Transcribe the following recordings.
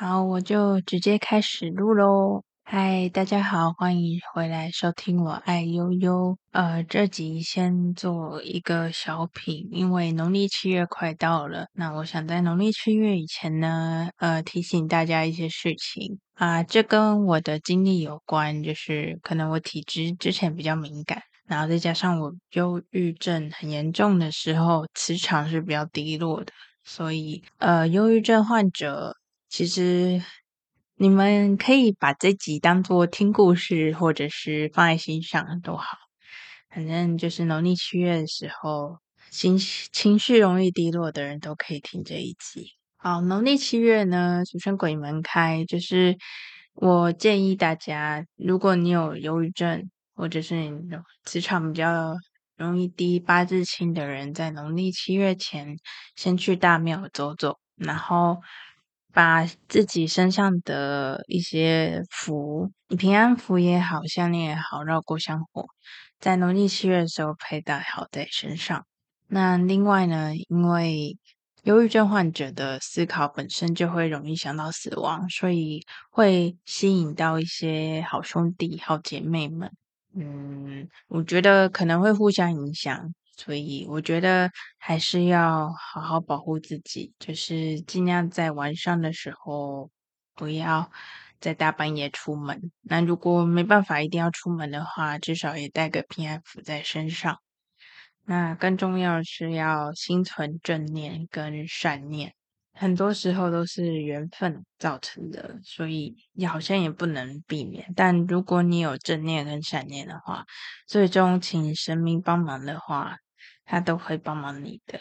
好，我就直接開始錄嘍。嗨，大家好，歡迎回來收聽我愛悠悠。呃，這集先做一個小品，因為農曆七月快到了，那我想在農曆七月以前呢，呃，提醒大家一些事情啊，呃，這跟我的經歷有關，就是可能我體質之前比較敏感，然後再加上我憂鬱症很嚴重的時候，磁場是比較低落的，所以呃，憂鬱症患者。其實，你們可以把這集當做聽故事，或者是放在心上都好。反正就是農曆七月的時候，心情情緒容易低落的人都可以聽這一集。好，農曆七月呢，俗稱鬼門開，就是我建議大家，如果你有憂鬱症，或者是你有磁場比較容易低、八字輕的人，在農曆七月前先去大廟走走，然後。把自己身上的一些符，你平安符也好，項鏈也好，繞過香火，在農曆七月的時候佩戴好在身上。那另外呢，因為憂鬱症患者的思考本身就會容易想到死亡，所以會吸引到一些好兄弟、好姐妹們。嗯，我覺得可能會互相影響。所以我覺得還是要好好保護自己，就是盡量在晚上的時候不要在大半夜出門。那如果沒辦法一定要出門的話，至少也帶個平安符在身上。那更重要是要心存正念跟善念，很多時候都是緣分造成的，所以好像也不能避免。但如果你有正念跟善念的話，最終請神明幫忙的話。他都會幫忙你的，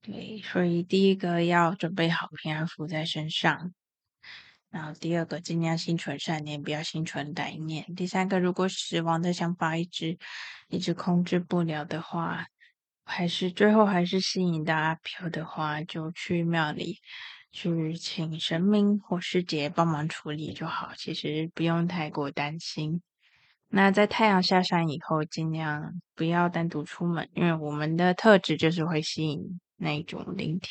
對，所以第一個要準備好平安符在身上，然後第二個盡量心存善念，不要心存歹念。第三個，如果死亡的想法一直一直控制不了的話，還是最後還是吸引到阿飄的話，就去廟裡去請神明或師姐幫忙處理就好，其實不用太過擔心。那在太陽下山以後，盡量不要單獨出門，因為我們的特質就是會吸引那種靈體。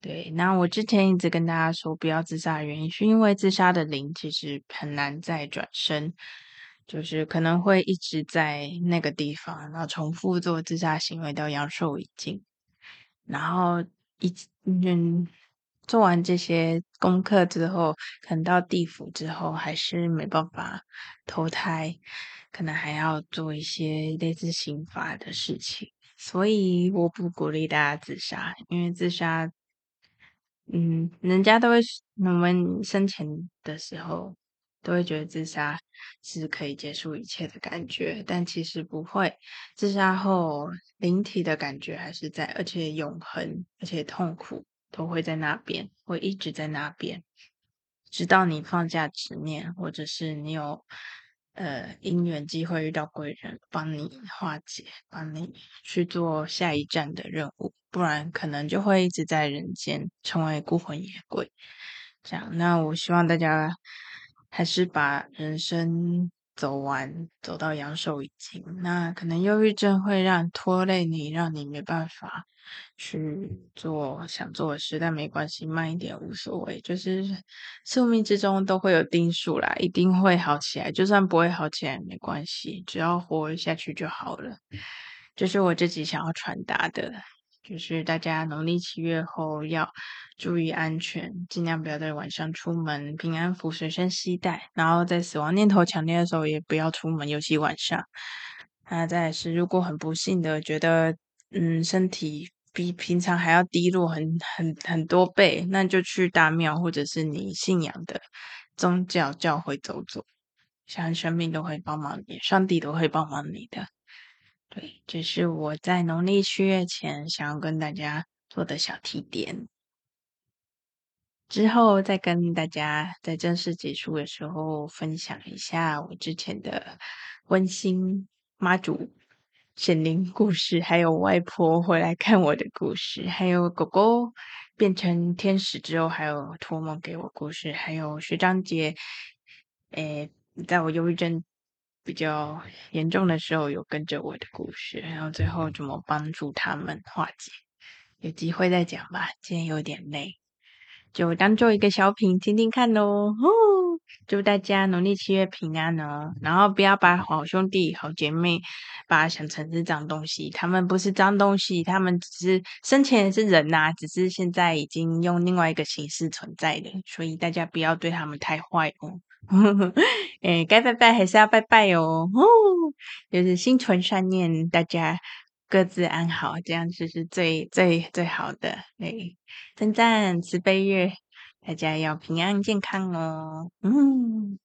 對，那我之前一直跟大家說不要自殺的原因，是因為自殺的靈其實很難再轉生，就是可能會一直在那個地方，然後重複做自殺行為到陽壽已盡，然後一直嗯。做完這些功課之後，可能到地府之後還是沒辦法投胎，可能還要做一些類似刑罰的事情。所以我不鼓勵大家自殺，因為自殺，嗯，人家都會，我們生前的時候都會覺得自殺是可以結束一切的感覺，但其實不會，自殺後靈體的感覺還是在，而且永恆，而且痛苦。都會在那邊，會一直在那邊，直到你放下執念，或者是你有呃因緣機會遇到貴人，幫你化解，幫你去做下一站的任務，不然可能就會一直在人間成為孤魂野鬼。這樣，那我希望大家還是把人生。走完走到陽壽已盡，那可能憂鬱症會讓拖累你，讓你沒辦法去做想做的事。但沒關係，慢一點無所謂，就是宿命之中都會有定數啦，一定會好起來。就算不會好起來，也沒關係，只要活下去就好了。這就是我自己想要傳達的。就是大家農曆七月後要注意安全，盡量不要在晚上出門，平安符隨身攜帶。然後在死亡念頭強烈的時候，也不要出門，尤其晚上。啊，再來是如果很不幸的覺得，嗯，身體比平常還要低落很很很多倍，那就去大廟或者是你信仰的宗教教會走走，相信神明都都會幫忙你，上帝都會幫忙你的。對，這、就是我在農曆七月前想要跟大家做的小提點，之後再跟大家在正式結束的時候分享一下我之前的溫馨媽祖顯靈故事，還有外婆回來看我的故事，還有狗狗變成天使之後，還有托夢給我故事，還有學長姐，誒，在我憂鬱症。比較嚴重的時候有跟着我的故事，然後最後怎麼幫助他們化解，有機會再講吧。今天有點累，就當做一個小品，聽聽看嘍。哦祝大家農曆七月平安哦，然後不要把好兄弟、好姐妹，把它想成是髒東西。他們不是髒東西，他們只是生前是人吶、啊，只是現在已經用另外一個形式存在的，所以大家不要對他們太壞哦。誒、 欸，該拜拜還是要拜拜哦。就是心存善念，大家各自安好，這樣就是最最最好的。誒，讚讚，慈悲月。大家要平安健康哦。嗯。